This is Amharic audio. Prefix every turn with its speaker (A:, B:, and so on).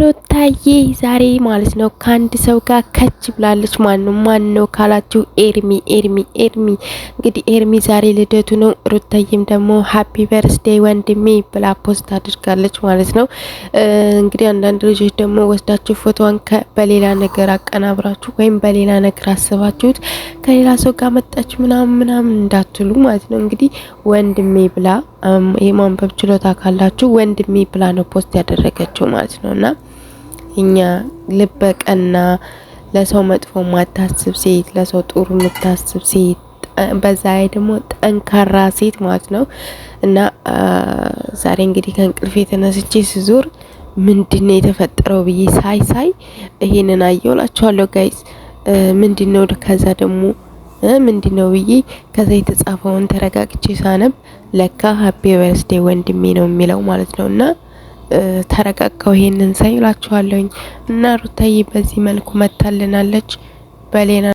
A: ሩታዬ ዛሬ ማለት ነው ከአንድ ሰው ጋር ከች ብላለች። ማን ነው ማን ነው ካላችሁ ኤርሚ ኤርሚ ኤርሚ። እንግዲህ ኤርሚ ዛሬ ልደቱ ነው። ሩታዬም ደግሞ ሀፒ በርስዴይ ወንድሜ ብላ ፖስት አድርጋለች ማለት ነው። እንግዲህ አንዳንድ ልጆች ደግሞ ወስዳችሁ ፎቶዋን በሌላ ነገር አቀናብራችሁ ወይም በሌላ ነገር አስባችሁት ከሌላ ሰው ጋር መጣችሁ ምናምን ምናምን እንዳትሉ ማለት ነው። እንግዲህ ወንድሜ ብላ የማንበብ ችሎታ ካላችሁ ወንድሜ ብላ ነው ፖስት ያደረገችው ማለት ነው። እና እኛ ልበቀና ለሰው መጥፎ ማታስብ ሴት፣ ለሰው ጥሩ የምታስብ ሴት፣ በዛ ላይ ደግሞ ጠንካራ ሴት ማለት ነው። እና ዛሬ እንግዲህ ከእንቅልፍ የተነስቼ ስዞር ምንድነው የተፈጠረው ብዬ ሳይ ሳይ ይሄንን አየውላችኋለሁ ጋይዝ ምንድነው ከዛ ደግሞ ምንድን ነው ብዬ ከዛ የተጻፈውን ተረጋግቼ ሳነብ ለካ ሀፒ በርስዴ ወንድሜ ነው የሚለው ማለት ነው እና ተረጋጋው ይሄንን ሳይላችኋለሁኝ እና ሩታዬ በዚህ መልኩ መታልናለች በሌላ